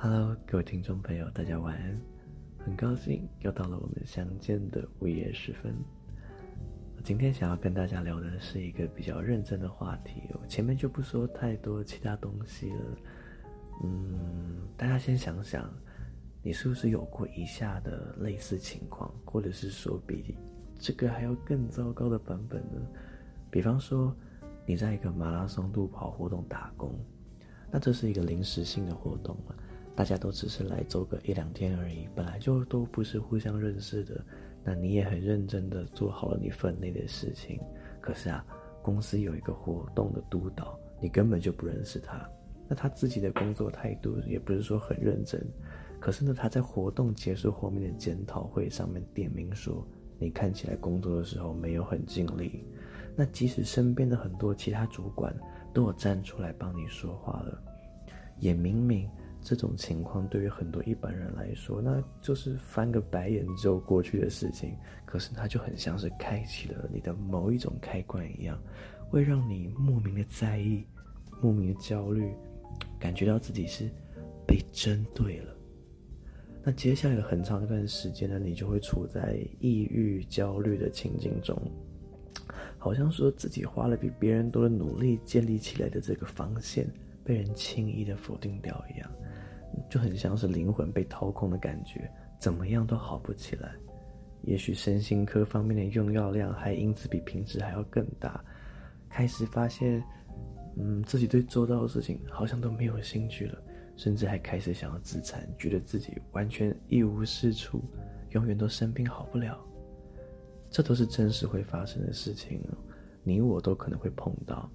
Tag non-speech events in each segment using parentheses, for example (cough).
哈嘍，各位聽眾朋友，大家晚安。很高興又到了我們相見的午夜時分。今天想要跟大家聊的是一個比較認真的話題，我前面就不說太多其他東西了。嗯，大家先想想，你是不是有過以下的類似情況，或者是說比這個還要更糟糕的版本呢？比方說，你在一個馬拉松路跑活動打工，那這是一個臨時性的活動了。大家都只是來做個一兩天而已，本來就都不是互相認識的。那你也很認真的做好了你分內的事情。可是啊，公司有一個活動的督導，你根本就不認識他。那他自己的工作態度也不是說很認真。可是呢，他在活動結束後面的檢討會上面點名說，你看起來工作的時候沒有很盡力。那即使身邊的很多其他主管都有站出來幫你說話了，也明明。這種情況對於很多一般人來說，那就是翻個白眼就過去的事情。可是它就很像是開啟了你的某一種開關一樣，會讓你莫名的在意，莫名的焦慮，感覺到自己是被針對了。那接下來的很長一段時間呢，你就會處在抑鬱、焦慮的情境中，好像說自己花了比別人多的努力建立起來的這個防線，被人輕易的否定掉一樣。就很像是靈魂被掏空的感覺，怎麼樣都好不起來。也許身心科方面的用藥量還因此比平時還要更大。開始發現，嗯，自己對周遭的事情好像都沒有興趣了，甚至還開始想要自殘，覺得自己完全一無是處，永遠都生病好不了。這都是真實會發生的事情，你我都可能會碰到。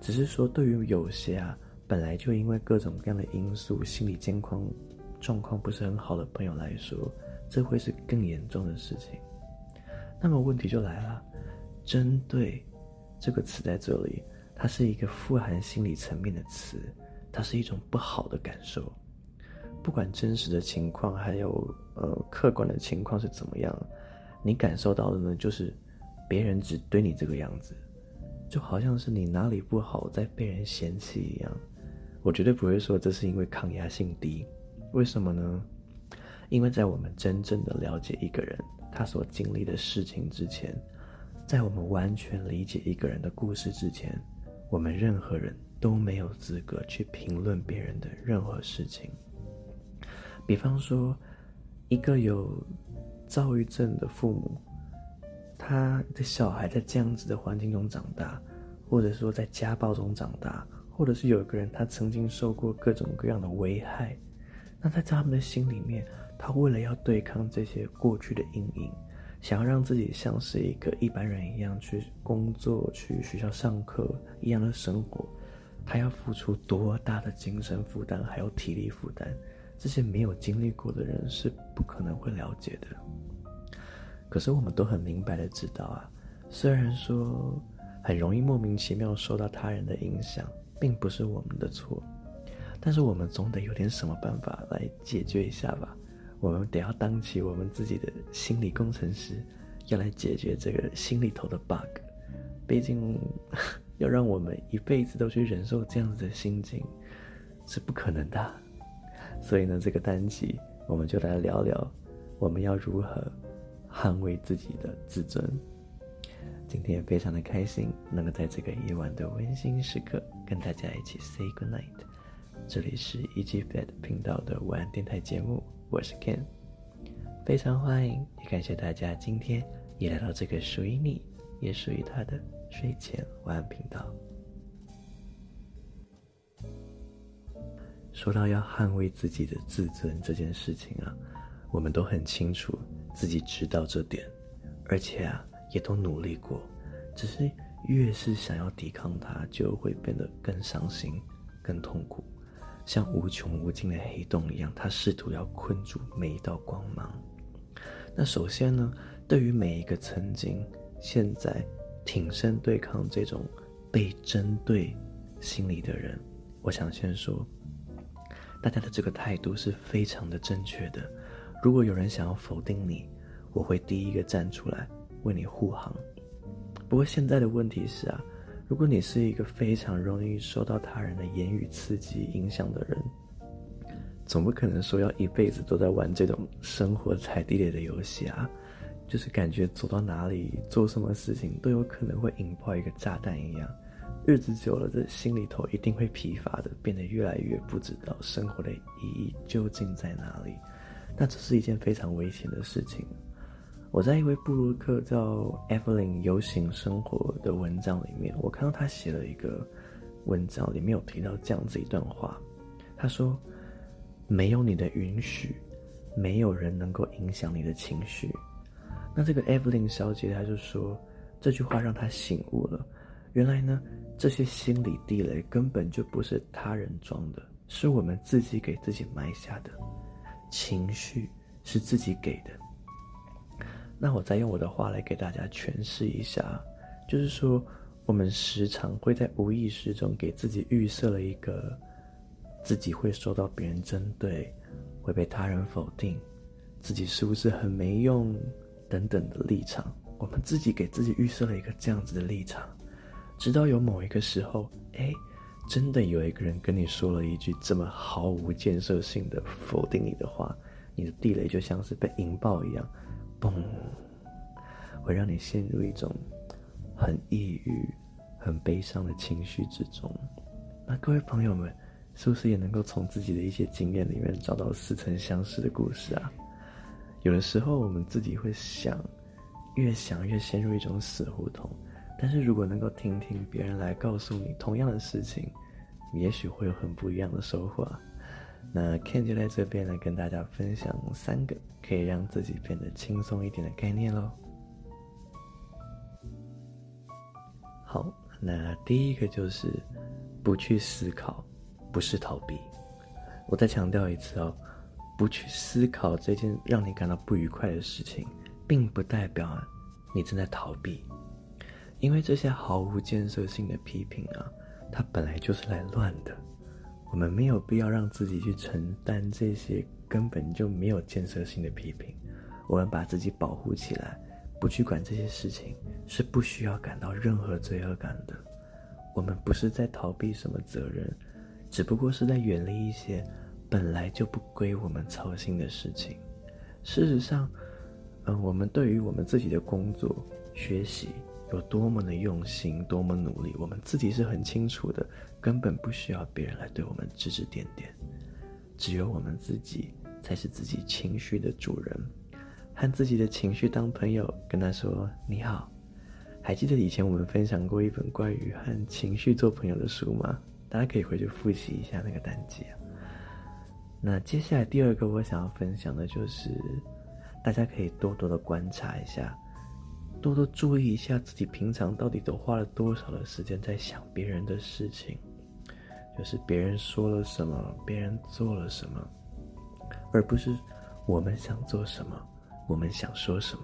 只是說，對於有些啊。本來就因為各種各樣的因素，心理健康狀況不是很好的朋友來說，這會是更嚴重的事情。那麼問題就來了，針對這個詞在這裡，它是一個富含心理層面的詞，它是一種不好的感受。不管真實的情況還有呃客觀的情況是怎麼樣，你感受到的呢就是別人只對你這個樣子，就好像是你哪裡不好在被人嫌棄一樣。我絕對不會說這是因為抗壓性低，為什麼呢？因為在我們真正的了解一個人他所經歷的事情之前，在我們完全理解一個人的故事之前，我們任何人都沒有資格去評論別人的任何事情。比方說，一個有躁鬱症的父母，他的小孩在這樣子的環境中長大，或者說在家暴中長大。或者是有一個人，他曾經受過各種各樣的危害，那在他們的心裡面，他為了要對抗這些過去的陰影，想要讓自己像是一個一般人一樣去工作、去學校上課一樣的生活，他要付出多大的精神負擔還有體力負擔，這些沒有經歷過的人是不可能會了解的。可是我們都很明白的知道啊，雖然說很容易莫名其妙受到他人的影響。並不是我們的錯，但是我們總得有點什麼辦法來解決一下吧。我們得要當起我們自己的心理工程師，要來解決這個心裡頭的 bug。畢竟，要讓我們一輩子都去忍受這樣子的心境，是不可能的。所以呢，這個單集我們就來聊聊，我們要如何捍衛自己的自尊。今天非常的開心，能夠在這個夜晚的溫馨時刻跟大家一起 say good night。這裡是 EG Fed 頻道的晚安電台節目，我是 Ken，非常歡迎也感謝大家今天也來到這個屬於你也屬於他的睡前晚安頻道。說到要捍衛自己的自尊這件事情啊，我們都很清楚自己知道這點，而且啊。也都努力過，只是越是想要抵抗它，就會變得更傷心、更痛苦，像無窮無盡的黑洞一樣，它試圖要困住每一道光芒。那首先呢，對於每一個曾經、現在挺身對抗這種被針對心理的人，我想先說，大家的這個態度是非常的正確的。如果有人想要否定你，我會第一個站出來。為你護航。不過現在的問題是啊，如果你是一個非常容易受到他人的言語刺激影響的人，總不可能說要一輩子都在玩這種生活踩地雷的遊戲啊，就是感覺走到哪裡做什麼事情都有可能會引爆一個炸彈一樣。日子久了，這心裡頭一定會疲乏的，變得越來越不知道生活的意義究竟在哪裡。那這是一件非常危險的事情。我在一位部落客叫 Evelyn 遊行生活的文章裡面，我看到他寫了一個文章，裡面有提到這樣子一段話，他說：“沒有你的允許，沒有人能夠影響你的情緒。”那這個 Evelyn 小姐，她就說這句話讓她醒悟了，原來呢，這些心理地雷根本就不是他人裝的，是我們自己給自己埋下的，情緒是自己給的。那我再用我的話來給大家詮釋一下，就是說，我們時常會在無意識中給自己預設了一個自己會受到別人針對，會被他人否定，自己是不是很沒用等等的立場。我們自己給自己預設了一個這樣子的立場，直到有某一個時候，哎，真的有一個人跟你說了一句這麼毫無建設性的否定你的話，你的地雷就像是被引爆一樣。嘣，會讓你陷入一種很抑鬱、很悲傷的情緒之中。那各位朋友們，是不是也能夠從自己的一些經驗裡面找到似曾相識的故事啊？有的時候我們自己會想，越想越陷入一種死胡同。但是如果能夠聽聽別人來告訴你同樣的事情，你也許會有很不一樣的收穫。那 Ken 就在這邊呢，跟大家分享三個可以讓自己變得輕鬆一點的概念嘍。好，那第一個就是不去思考，不是逃避。我再強調一次哦，不去思考這件讓你感到不愉快的事情，並不代表啊你正在逃避，因為這些毫無建設性的批評啊，它本來就是來亂的。我們沒有必要讓自己去承擔這些根本就沒有建設性的批評。我們把自己保護起來，不去管這些事情，是不需要感到任何罪惡感的。我們不是在逃避什麼責任，只不過是在遠離一些本來就不歸我們操心的事情。事實上，嗯，我們對於我們自己的工作、學習，有多麼的用心，多麼努力，我們自己是很清楚的，根本不需要別人來對我們指指點點。只有我們自己才是自己情緒的主人，和自己的情緒當朋友，跟他說你好。還記得以前我們分享過一本關於和情緒做朋友的書嗎？大家可以回去複習一下那個單集啊。那接下來第二個我想要分享的就是，大家可以多多的觀察一下。多多注意一下自己平常到底都花了多少的時間在想別人的事情，就是別人說了什麼，別人做了什麼，而不是我們想做什麼，我們想說什麼。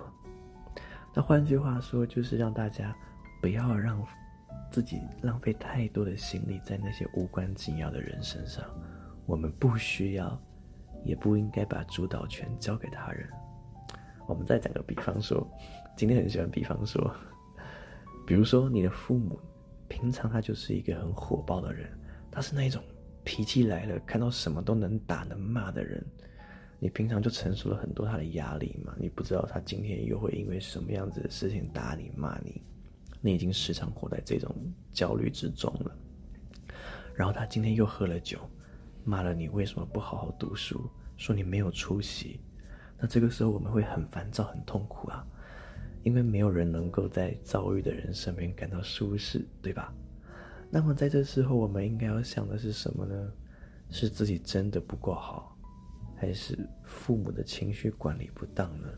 那換句話說，就是讓大家不要讓自己浪費太多的心力在那些無關緊要的人身上。我們不需要，也不應該把主導權交給他人。我們再講個比方說。今天很喜歡，比方說，比如說你的父母，平常他就是一個很火爆的人，他是那種脾氣來了，看到什麼都能打能罵的人。你平常就承受了很多他的壓力嘛，你不知道他今天又會因為什麼樣子的事情打你罵你，你已經時常活在這種焦慮之中了。然後他今天又喝了酒，罵了你為什麼不好好讀書，說你沒有出息。那這個時候我們會很煩躁，很痛苦啊。因為沒有人能夠在遭遇的人身邊感到舒適，對吧？那麼在這時候，我們應該要想的是什麼呢？是自己真的不夠好，還是父母的情緒管理不當呢？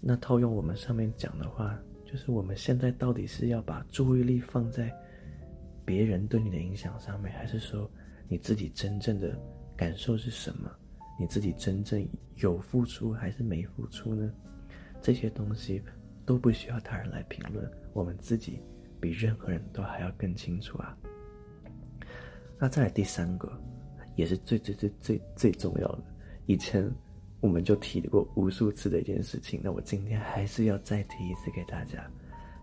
那套用我們上面講的話，就是我們現在到底是要把注意力放在別人對你的影響上面，還是說你自己真正的感受是什麼？你自己真正有付出還是沒付出呢？這些東西都不需要他人來評論，我們自己比任何人都還要更清楚啊。那再來第三個，也是最最最最最重要的，以前我們就提過無數次的一件事情，那我今天還是要再提一次給大家。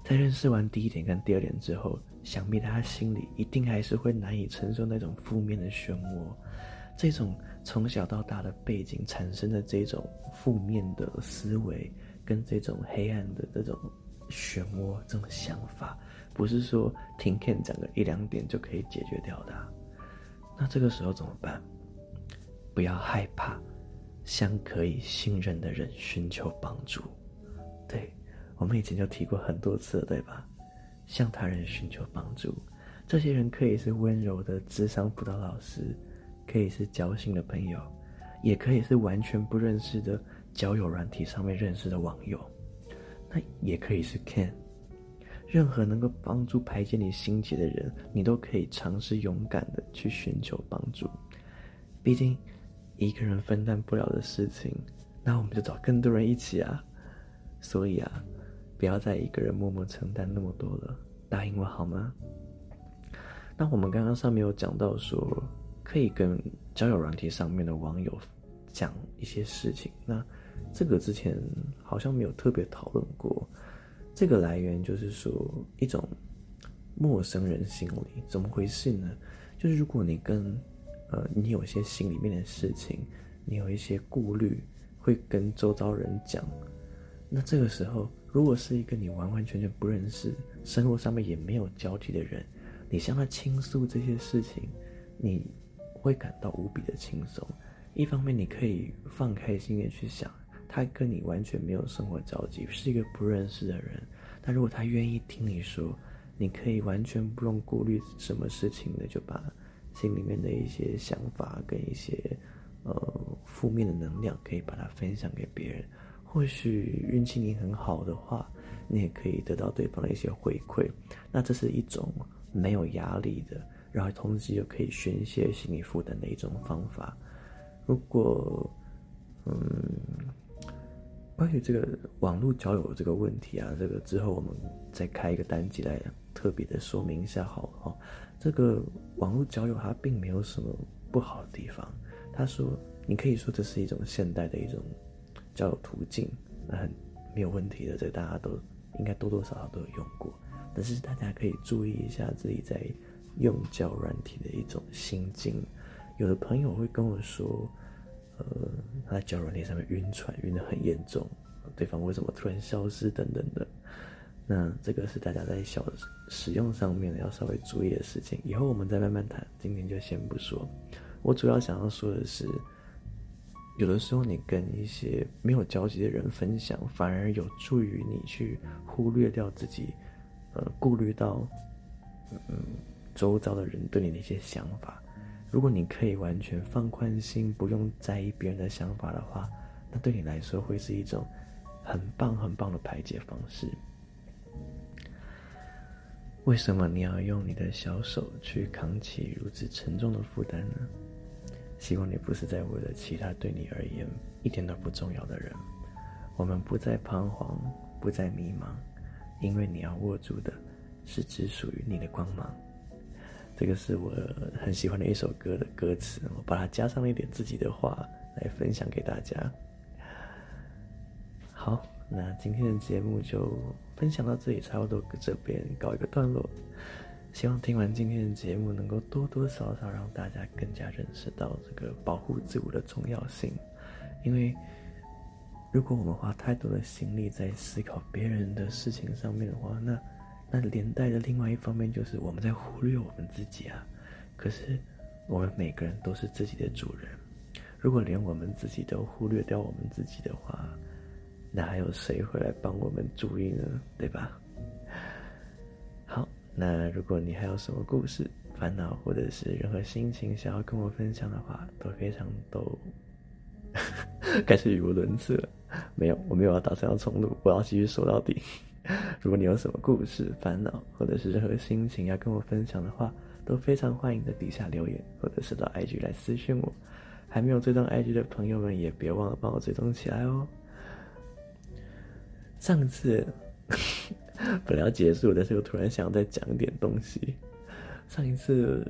在認識完第一點跟第二點之後，想必大家心裡一定還是會難以承受那種負面的漩渦，這種從小到大的背景產生的這種負面的思維。跟這種黑暗的這種漩渦，這種想法，不是說停電講個一兩點就可以解決掉的。那這個時候怎麼辦？不要害怕，向可以信任的人尋求幫助。對，我們以前就提過很多次了，對吧？向他人尋求幫助，這些人可以是溫柔的諮商輔導老師，可以是交心的朋友，也可以是完全不認識的。交友軟體上面認識的網友，那也可以是 Ken，任何能夠幫助排解你心結的人，你都可以嘗試勇敢地去尋求幫助。畢竟，一個人分擔不了的事情，那我們就找更多人一起啊。所以啊，不要再一個人默默承擔那麼多了，答應我好嗎？那我們剛剛上面有講到說，可以跟交友軟體上面的網友講一些事情，那。這個之前好像沒有特別討論過，這個來源就是說一種陌生人心理，怎麼回事呢？就是如果你跟呃你有一些心裡面的事情，你有一些顧慮，會跟周遭人講，那這個時候如果是一個你完完全全不認識，生活上面也沒有交集的人，你向他傾訴這些事情，你會感到無比的輕鬆。一方面你可以放開心地去想。他跟你完全沒有生活交集，是一個不認識的人。但如果他願意聽你說，你可以完全不用顧慮什麼事情的，就把心裡面的一些想法跟一些呃負面的能量，可以把它分享給別人。或許運氣你很好的話，你也可以得到對方的一些回饋。那這是一種沒有壓力的，然後同時又可以宣洩心理負擔的一種方法。如果嗯。關於這個網絡交友這個問題啊，這個之後我們再開一個單集來特別的說明一下好，好不好？這個網絡交友它並沒有什麼不好的地方。他說，你可以說這是一種現代的一種交友途徑，那很沒有問題的。這個大家都應該多多少少都有用過，但是大家可以注意一下自己在用交友軟體的一種心境。有的朋友會跟我說。呃，他在交友軟體上面暈船，暈得很嚴重。對方為什麼突然消失？等等的。那這個是大家在小使用上面要稍微注意的事情。以後我們再慢慢談，今天就先不說。我主要想要說的是，有的時候你跟一些沒有交集的人分享，反而有助於你去忽略掉自己，呃，顧慮到，嗯，周遭的人對你的一些想法。如果你可以完全放寬心，不用在意別人的想法的話，那對你來說會是一種很棒很棒的排解方式。為什麼你要用你的小手去扛起如此沉重的負擔呢？希望你不是在為了其他對你而言一點都不重要的人。我們不再彷徨，不再迷茫，因為你要握住的是只屬於你的光芒。這個是我很喜歡的一首歌的歌詞，我把它加上了一點自己的話來分享給大家。好，那今天的節目就分享到這裡，差不多這邊告一個段落。希望聽完今天的節目，能夠多多少少讓大家更加認識到這個保護自我的重要性。因為如果我們花太多的精力在思考別人的事情上面的話，那那連帶的另外一方面就是我們在忽略我們自己啊，可是我們每個人都是自己的主人，如果連我們自己都忽略掉我們自己的話，那還有誰會來幫我們注意呢？對吧？好，那如果你還有什麼故事、煩惱或者是任何心情想要跟我分享的話，都非常都， (laughs) 開始語無倫次了，沒有，我沒有要打算要重錄，我要繼續說到底。如果你有什麼故事、煩惱，或者是任何心情要跟我分享的話，都非常歡迎在底下留言，或者是到 IG 來私訊我。還沒有追蹤 IG 的朋友們，也別忘了幫我追蹤起來哦。上一次 (laughs) 本來要結束，但是我突然想要再講一點東西。上一次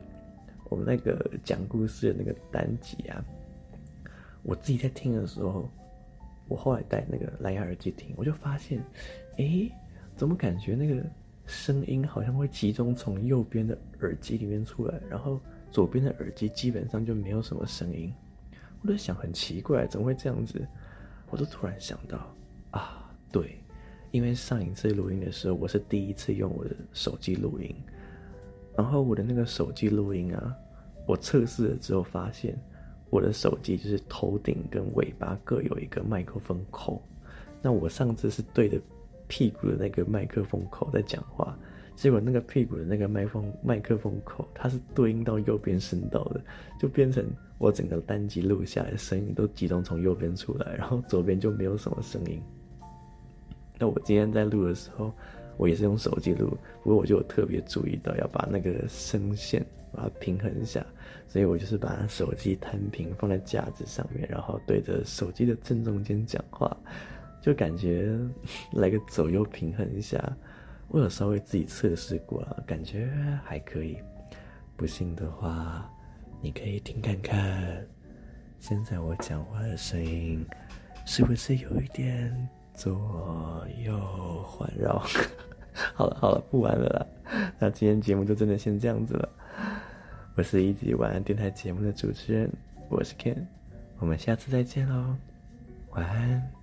我們那個講故事的那個單集啊，我自己在聽的時候，我後來戴那個藍牙耳機聽，我就發現，誒、欸怎麼感覺那個聲音好像會集中從右邊的耳機裡面出來，然後左邊的耳機基本上就沒有什麼聲音。我就想很奇怪，怎麼會這樣子？我就突然想到，啊，對，因為上一次錄音的時候，我是第一次用我的手機錄音，然後我的那個手機錄音啊，我測試了之後發現，我的手機就是頭頂跟尾巴各有一個麥克風孔，那我上次是對的。屁股的那個麥克風口在講話，結果那個屁股的那個麥克風麥克風口，它是對應到右邊聲道的，就變成我整個單機錄下來的聲音都集中從右邊出來，然後左邊就沒有什麼聲音。那我今天在錄的時候，我也是用手機錄，不過我就特別注意到要把那個聲線把它平衡一下，所以我就是把手機攤平放在架子上面，然後對着手機的正中間講話。就感覺來個左右平衡一下，我有稍微自己測試過了，感覺還可以。不信的話，你可以聽看看。現在我講話的聲音是不是有一點左右環繞？ (laughs) 好了好了，不玩了啦。那今天節目就真的先這樣子了。我是伊吉晚安電台節目的主持人，我是 Ken，我們下次再見嘍，晚安。